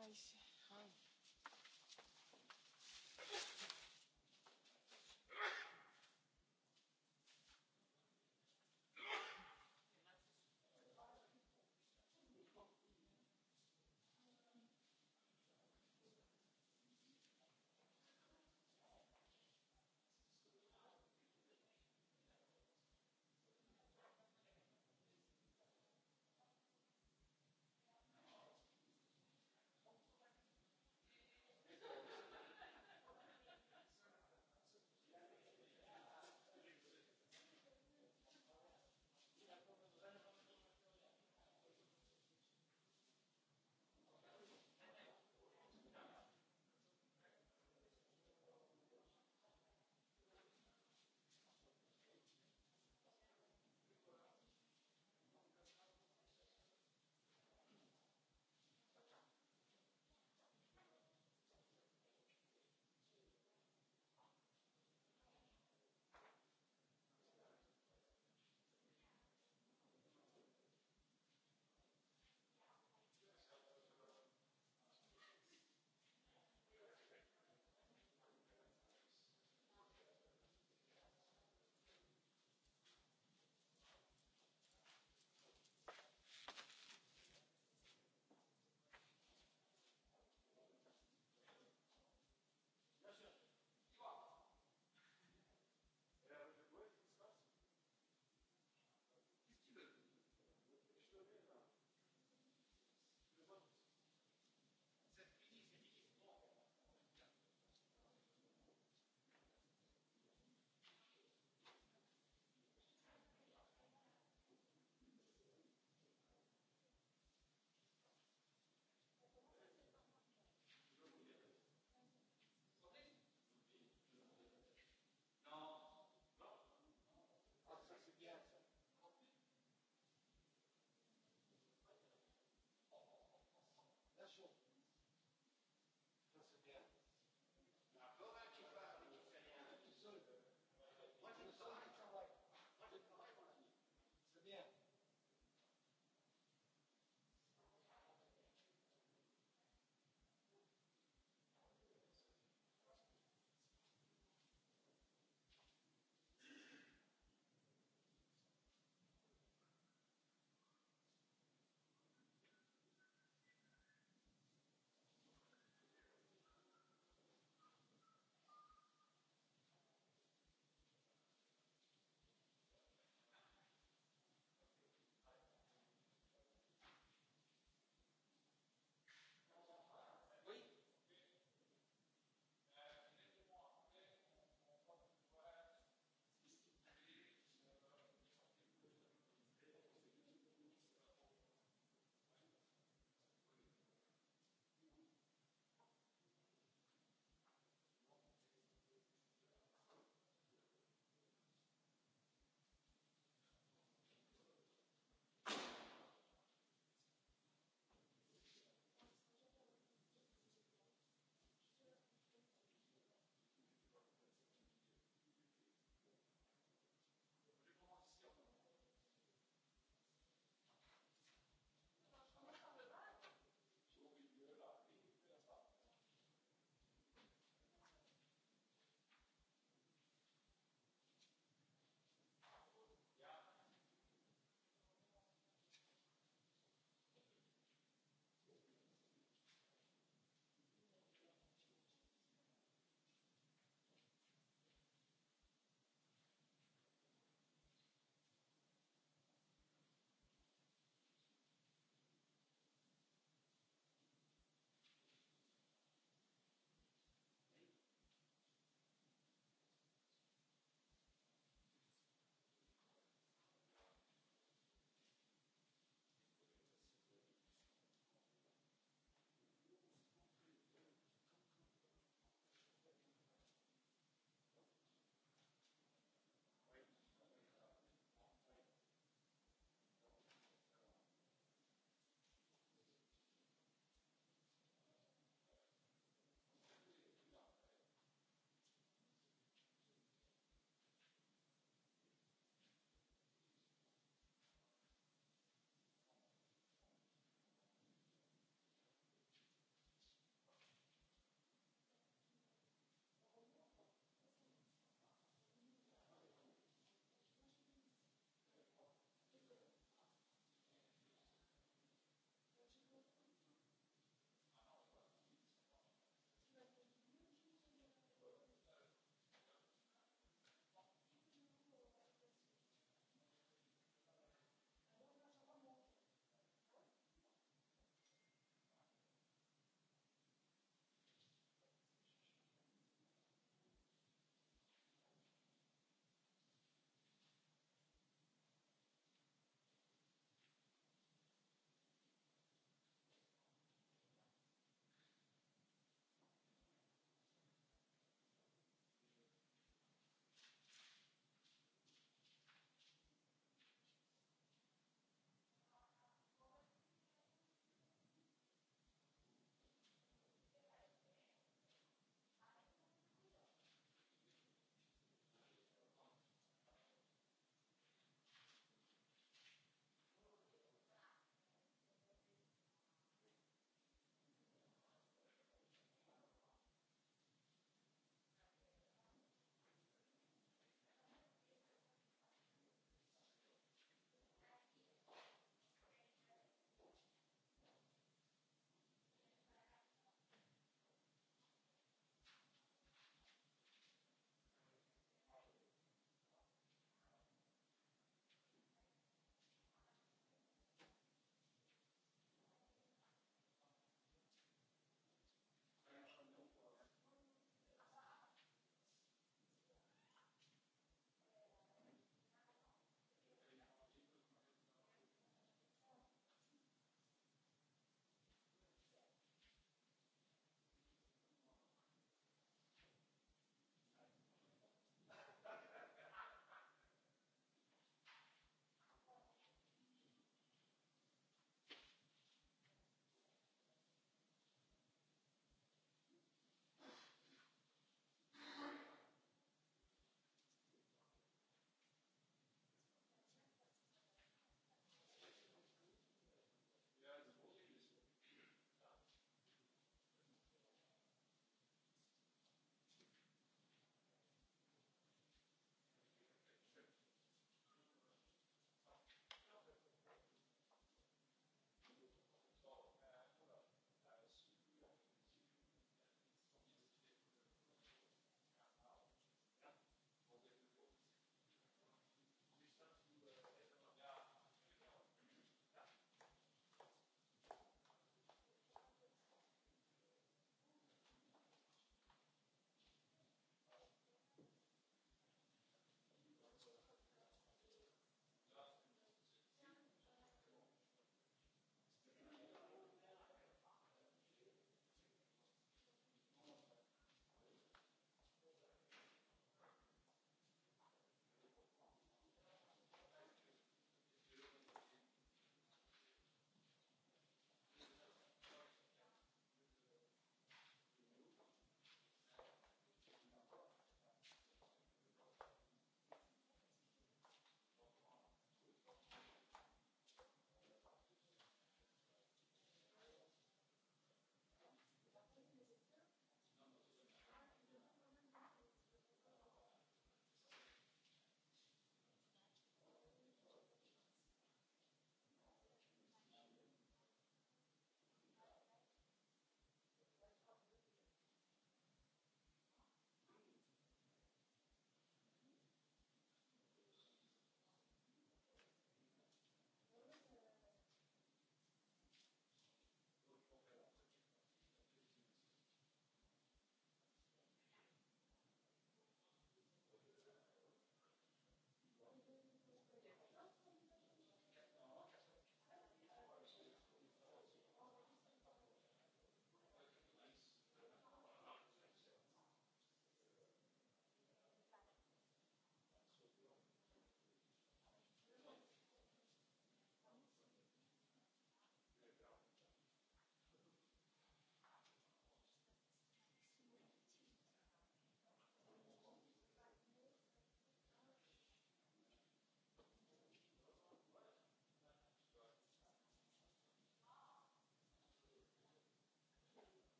Ευχαριστώ.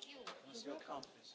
Thank you. That's your accomplice.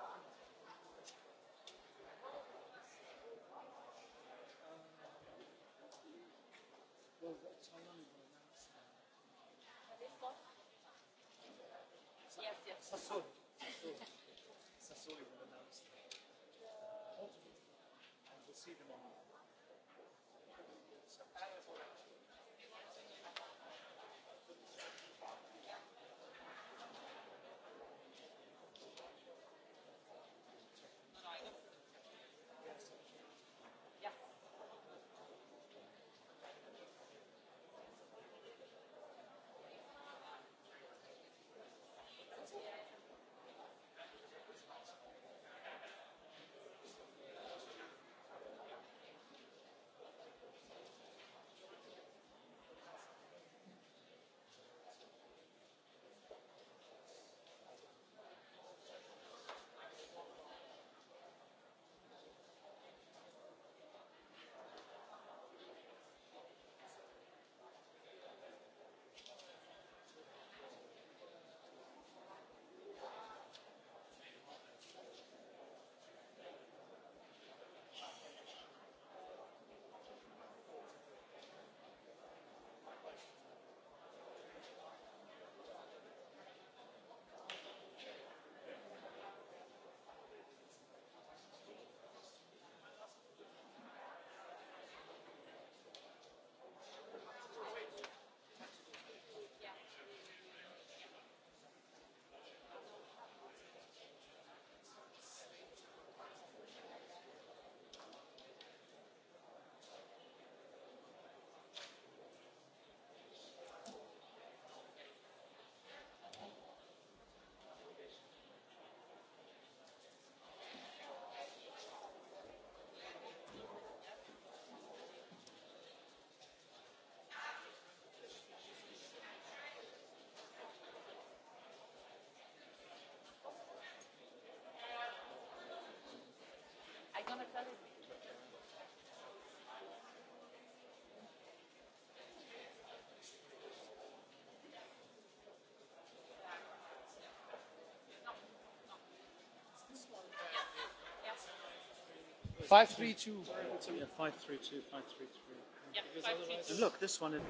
Five three two five three two five three three. look, this one. Is...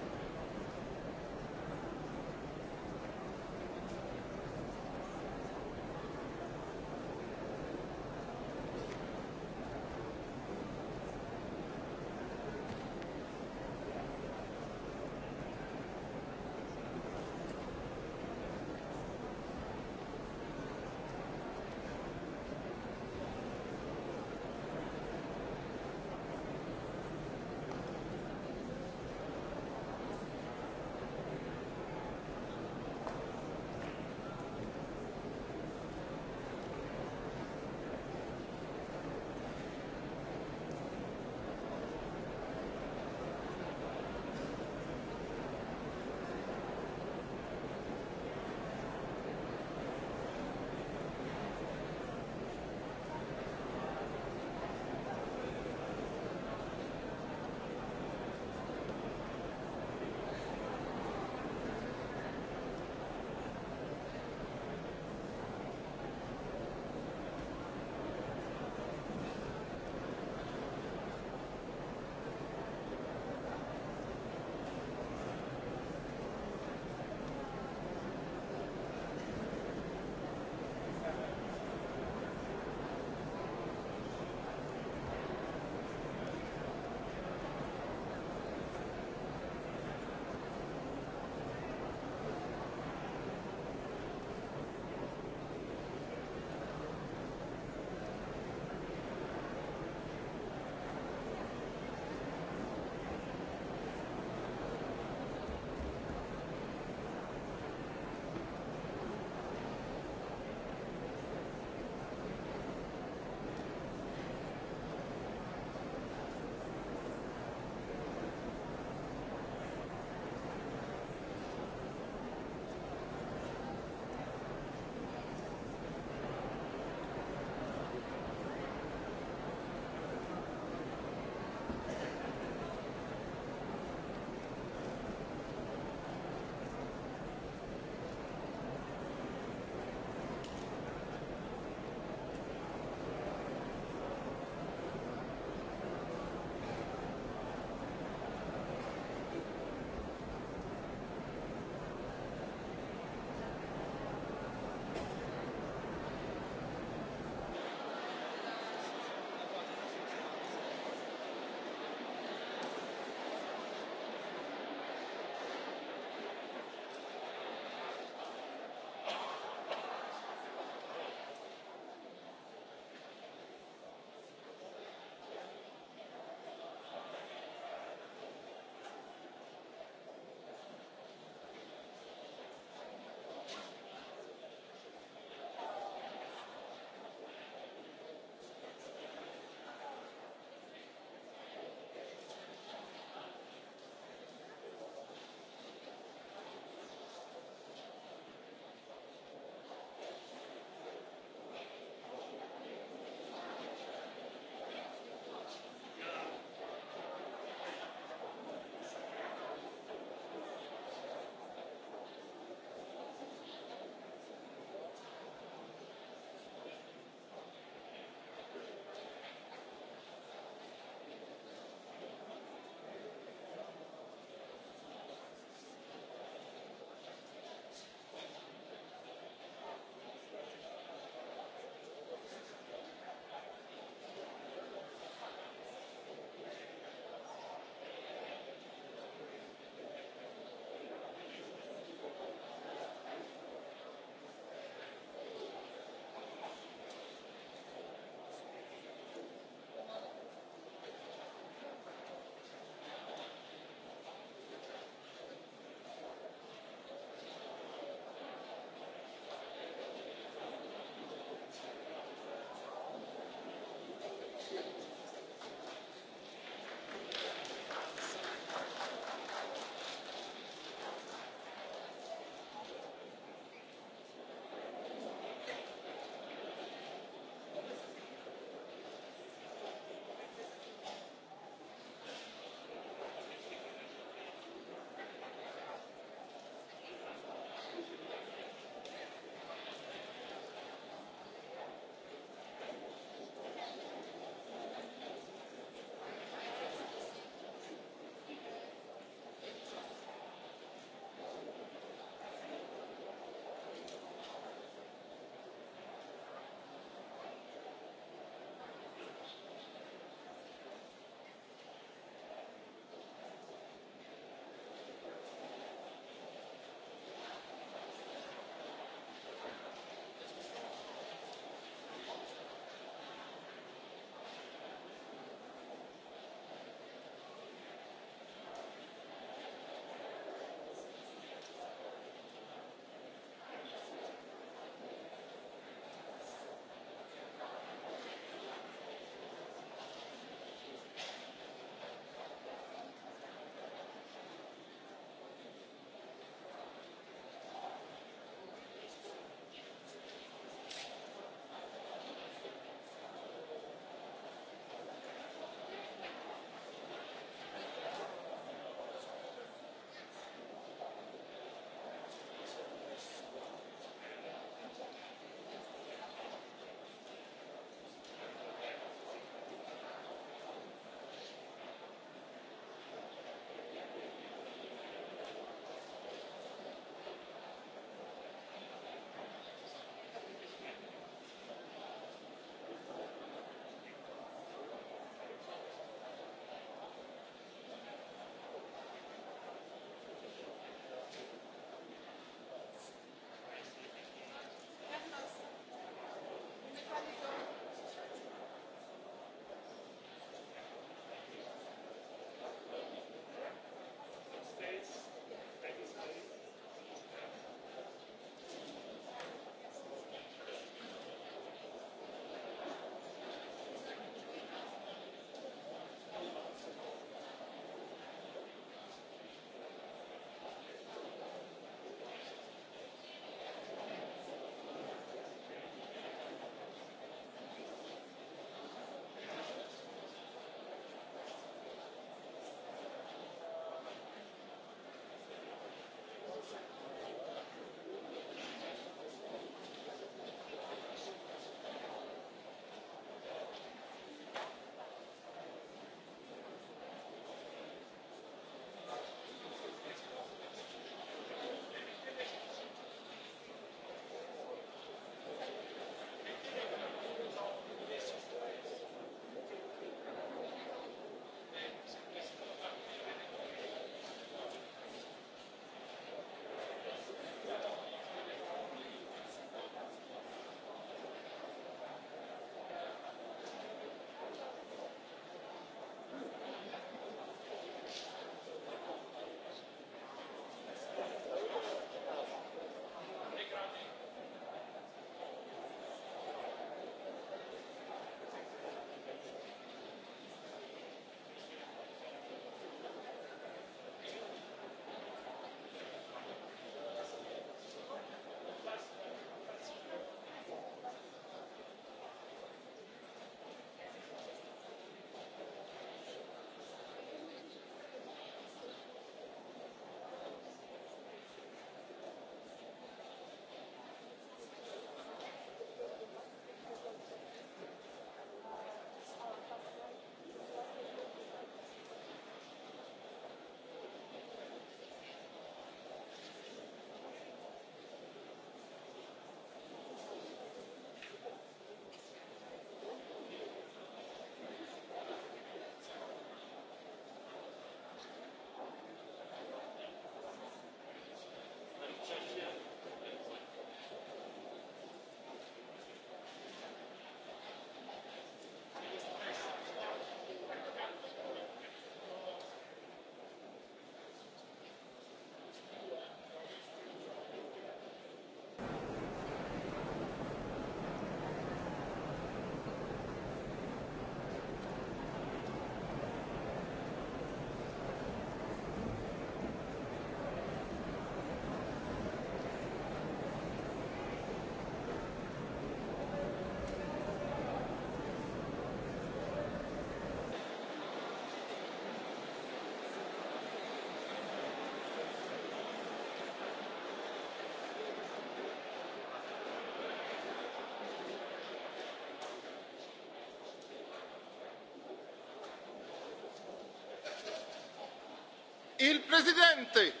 il presidente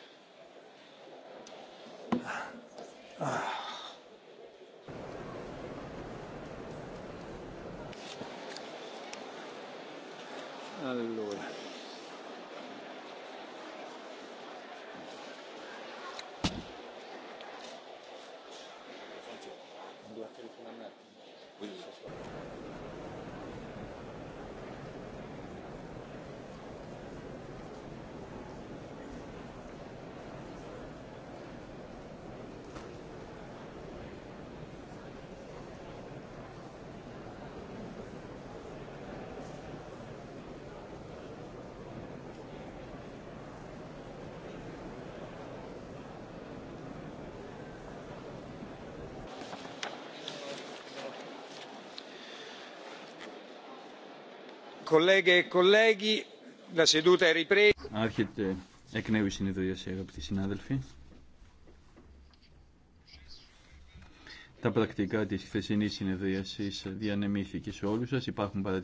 Άρχεται εκ νέου η συνεδρίαση, αγαπητοί συνάδελφοι. Τα πρακτικά της χθεσινής συνεδρίασης διανεμήθηκε σε όλους σας. Υπάρχουν παρατηρήσεις.